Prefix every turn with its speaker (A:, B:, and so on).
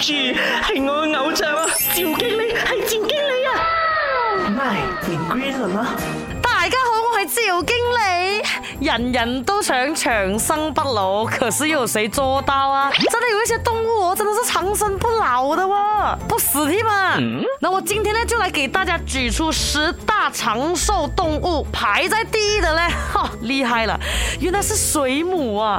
A: 係我的偶像啊，趙經理係趙經理啊，My Green 大家好，我係趙經理。人人都想長生不老，可是有誰做到啊？真的有一些動物，我真的是長生不老的喎，啊，不死啲嘛。嗯，那我今天呢就來給大家舉出十大長壽動物，排在第一的呢，哈，厲害了，原來是水母啊。